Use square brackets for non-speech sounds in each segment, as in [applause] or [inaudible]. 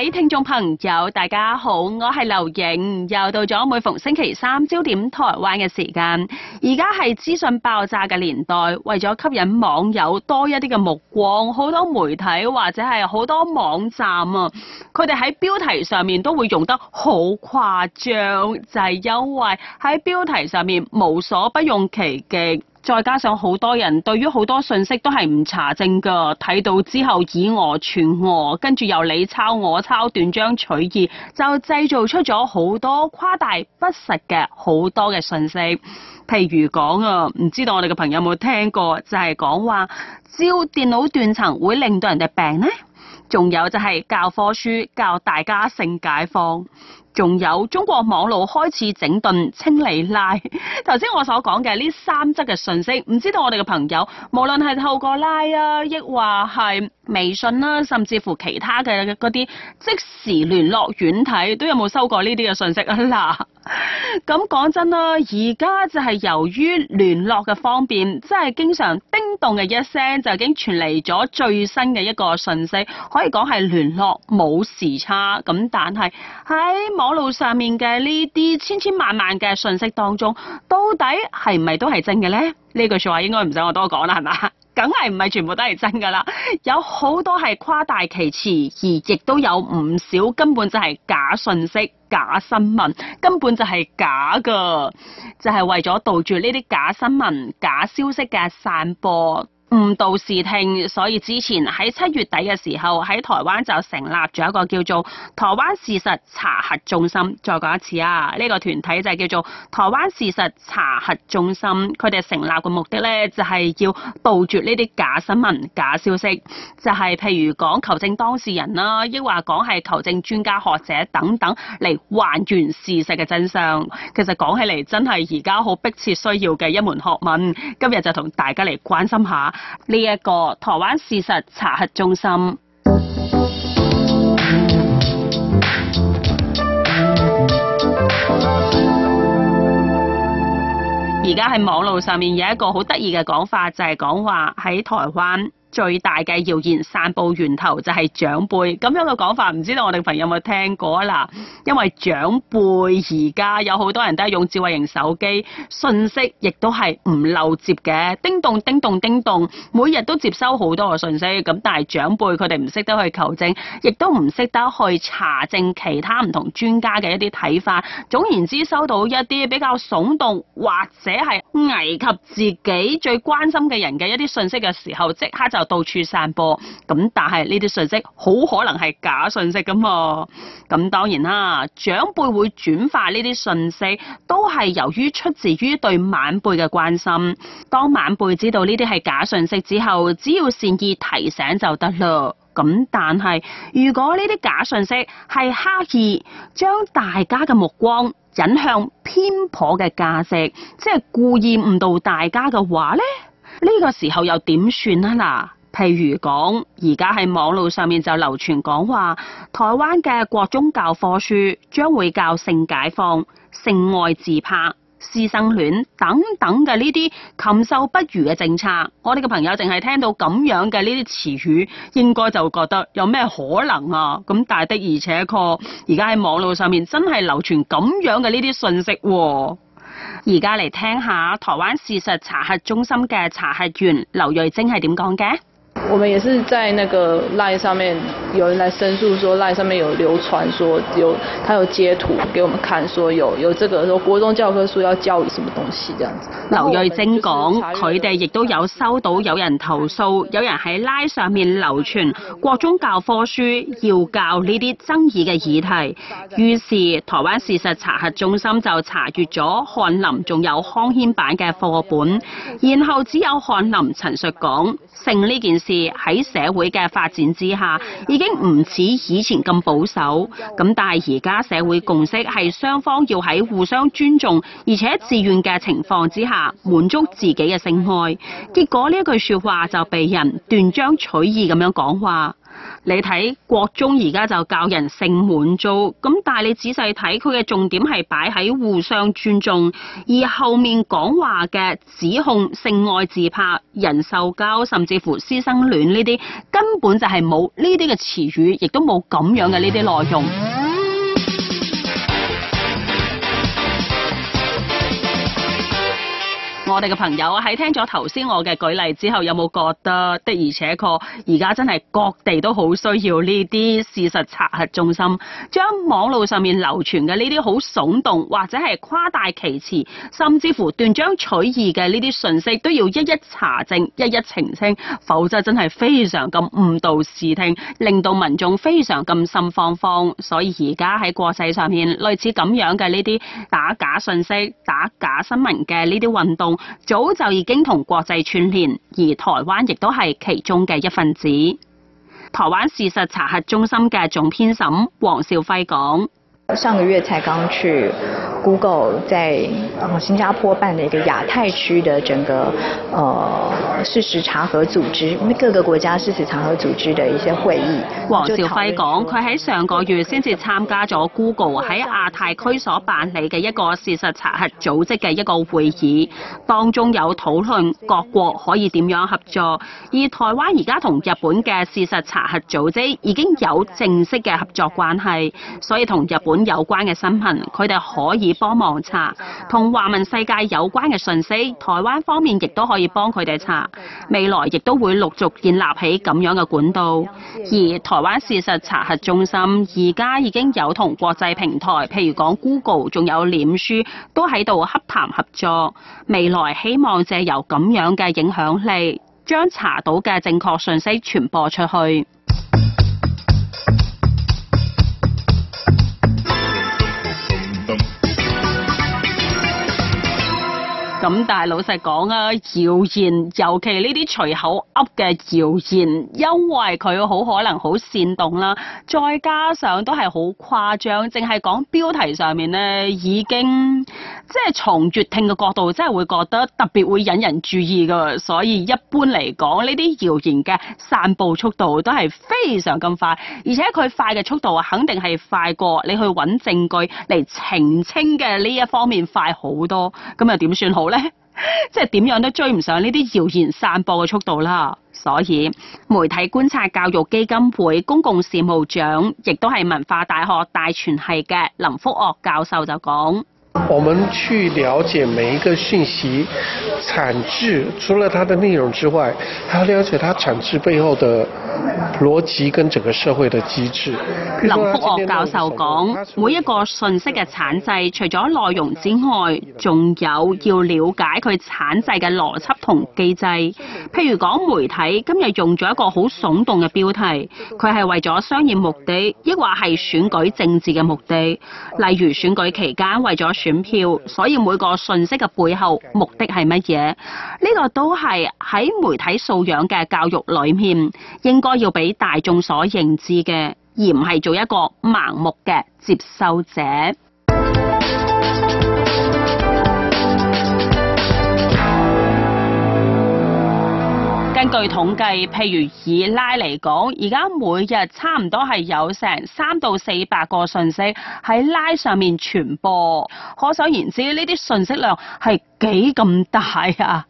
各位聽眾朋友大家好，我係劉影，又到咗每逢星期三焦點台灣嘅時間。而家係資訊爆炸嘅年代，為咗吸引網友多一啲嘅目光，好多媒體或者係好多網站啊，佢哋喺標題上面都會用得好誇張，就係、是、因為喺標題上面無所不用其極。再加上好多人對於好多信息都係唔查證噶，睇到之後以訛傳訛，跟住又你抄我抄，斷章取義，就製造出咗好多誇大不實嘅好多嘅信息。譬如講啊，唔知道我哋嘅朋友有冇聽過，就係講話照電腦斷層會令到人哋病呢？仲有就係教科書教大家性解放，仲有中國網絡開始整頓清理拉。頭 [laughs] 先我所講嘅呢三則嘅信息，唔知道我哋嘅朋友，無論係透過拉啊，抑或係微信啦、啊，甚至乎其他嘅嗰啲即時聯絡軟體，都有冇收過呢啲嘅信息啊？嗱。 [laughs] 咁講真啦，而家就係由於聯絡嘅方便，即係經常叮咚嘅一聲就已經傳嚟咗最新嘅一個信息，可以講係聯絡冇時差。咁但係喺網路上面嘅呢啲千千萬萬嘅信息當中，到底係唔係都係真嘅咧？呢句說話應該唔使我多講啦，係嘛？梗係唔係全部都係真噶啦？有好多係誇大其詞，而亦都有唔少根本就係假信息、假新聞，根本就係假噶，就係、是、為咗杜住呢啲假新聞、假消息嘅散播。誤導視聽，所以之前喺七月底嘅時候，喺台灣就成立咗一個叫做台灣事實查核中心。再講一次啊，呢個團體就叫做台灣事實查核中心。佢哋成立嘅目的咧，就係要杜絕呢啲假新聞、假消息，就係譬如講求證當事人啦，抑或講係求證專家學者等等嚟還原事實嘅真相。其實講起嚟真係而家好迫切需要嘅一門學問。今日就同大家嚟關心下。呢一、這個台灣事實查核中心，而家喺網路上面有一個好得意嘅講法，就係、是、講話喺台灣。最大嘅謠言散布源頭就係長輩，咁樣嘅講法唔知道我哋朋友有冇聽過啊？因為長輩而家有好多人都係用智慧型手機，信息亦都係唔漏接嘅，叮咚叮咚叮咚，每日都接收好多嘅信息。咁但係長輩佢哋唔識得去求證，亦都唔識得去查證其他唔同專家嘅一啲睇法。總言之，收到一啲比較聳動或者係危及自己最關心嘅人嘅一啲信息嘅時候，即刻就。就到處散播，咁但係呢啲訊息好可能係假訊息㗎嘛？咁當然啦，長輩會轉化呢啲訊息，都係由於出自於對晚輩嘅關心。當晚輩知道呢啲係假訊息之後，只要善意提醒就得啦。咁但係，如果呢啲假訊息係刻意將大家嘅目光引向偏頗嘅價值，即係故意誤導大家嘅話呢。呢個時候又點算啊？嗱，譬如講，而家喺網路上面就流傳講話，台灣嘅國中教科書將會教性解放、性愛自拍、師生戀等等嘅呢啲禽獸不如嘅政策。我哋嘅朋友淨係聽到咁樣嘅呢啲詞語，應該就會覺得有咩可能啊？咁但係的而且確，而家喺網路上面真係流傳咁樣嘅呢啲信息喎，啊。而家嚟聽下台灣事實查核中心嘅查核員劉瑞晶係點講嘅。我們也是在那個 line 上面有人來申訴，說 line 上面有流傳，說有他有截圖給我們看，說有有這個說國中教科書要教什麼東西這樣子。劉瑞晶講，佢哋亦都有收到有人投訴，有人喺 line 上面流傳國中教科書要教呢啲爭議嘅議題，於是台灣事實查核中心就查閱咗翰林仲有康軒版嘅課本，然後只有翰林陳述講成呢件事。喺社會嘅發展之下，已經唔似以前咁保守。咁但係而家社會共識，係雙方要喺互相尊重而且自願嘅情況之下，滿足自己嘅性愛。結果呢一句說話，就被人斷章取義咁樣講話。你睇國中而家就教人性滿足，咁但係你仔細睇佢嘅重點係擺喺互相尊重，而後面講話嘅指控性愛自拍、人獸交，甚至乎師生戀呢啲，根本就係冇呢啲嘅詞語，亦都冇咁樣嘅呢啲內容。我哋嘅朋友喺聽咗頭先我嘅舉例之後，有冇覺得的而且確而家真係各地都好需要呢啲事實查核中心，將網絡上面流傳嘅呢啲好聳動或者係誇大其詞甚至乎斷章取義嘅呢啲訊息，都要一一查證，一一澄清，否則真係非常咁誤導視聽，令到民眾非常咁心慌慌。所以而家喺國際上面，類似咁樣嘅呢啲打假訊息、打假新聞嘅呢啲運動。早就已經同國際串聯，而台灣亦都係其中嘅一份子。台灣事實查核中心嘅總編審黃少輝講：“上個月才剛去。” Google 在新加坡辦嘅一個亞太區的整個、呃，事實查核組織，各個國家事實查核組織的一些會議。黃兆輝講，佢喺上個月先至參加咗 Google 喺亞太區所辦理嘅一個事實查核組織嘅一個會議，當中有討論各國可以點樣合作。而台灣而家同日本嘅事實查核組織已經有正式嘅合作關係，所以同日本有關嘅新聞，佢哋可以。幫忙查同華文世界有關嘅信息，台灣方面亦都可以幫佢哋查，未來亦都會陸續建立起咁樣嘅管道。而台灣事實查核中心而家已經有同國際平台，譬如講 Google，仲有臉書，都喺度洽談合作。未來希望借由咁樣嘅影響力，將查到嘅正確信息傳播出去。咁但係老實講啊，謠言尤其呢啲隨口噏嘅謠言，因為佢好可能好煽動啦，再加上都係好誇張，淨係講標題上面咧，已經即係從閱聽嘅角度，真係會覺得特別會引人注意噶。所以一般嚟講，呢啲謠言嘅散布速度都係非常咁快，而且佢快嘅速度啊，肯定係快過你去揾證據嚟澄清嘅呢一方面快好多。咁又點算好咧？即係點樣都追唔上呢啲謠言散播嘅速度啦，所以媒體觀察教育基金會公共事務長亦都係文化大學大傳系嘅林福岳教授就講。我們去了解每一個信息產製，除了它的內容之外，還要了解它產製背後的邏輯跟整個社會的機制。林福岳教授講，每一個信息的產製，除咗內容之外，仲有要了解佢產製嘅邏輯。同機制，譬如講媒體今日用咗一個好聳動嘅標題，佢係為咗商業目的，亦或係選舉政治嘅目的，例如選舉期間為咗選票，所以每個信息嘅背後目的係乜嘢？呢個都係喺媒體素養嘅教育裏面，應該要俾大眾所認知嘅，而唔係做一個盲目嘅接收者。根據統計，譬如以 Line 嚟講，而家每日差唔多係有成三到四百個信息喺 Line 上面傳播。可想而知，呢啲信息量係幾咁大啊？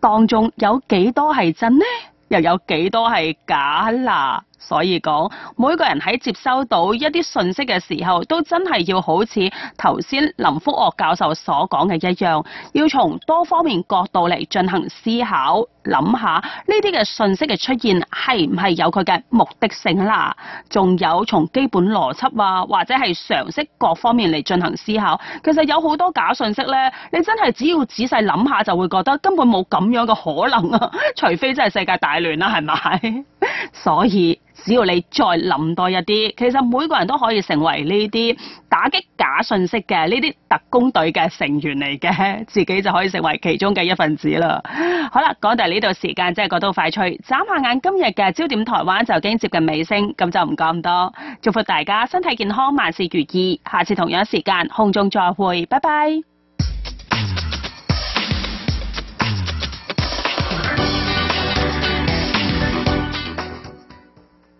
當中有幾多係真呢？又有幾多係假啦？所以講，每個人喺接收到一啲訊息嘅時候，都真係要好似頭先林福岳教授所講嘅一樣，要從多方面角度嚟進行思考，諗下呢啲嘅訊息嘅出現係唔係有佢嘅目的性啦？仲有從基本邏輯啊，或者係常識各方面嚟進行思考。其實有好多假訊息呢，你真係只要仔細諗下，就會覺得根本冇咁樣嘅可能啊！除非真係世界大亂啦，啊，係咪？所以只要你再諗多一啲，其實每個人都可以成為呢啲打擊假訊息嘅呢啲特工隊嘅成員嚟嘅，自己就可以成為其中嘅一份子啦。好啦，講到呢度時間真係過到快脆。眨下眼今日嘅焦點台灣就已經接近尾聲，咁就唔講咁多。祝福大家身體健康，萬事如意。下次同樣時間空中再會，拜拜。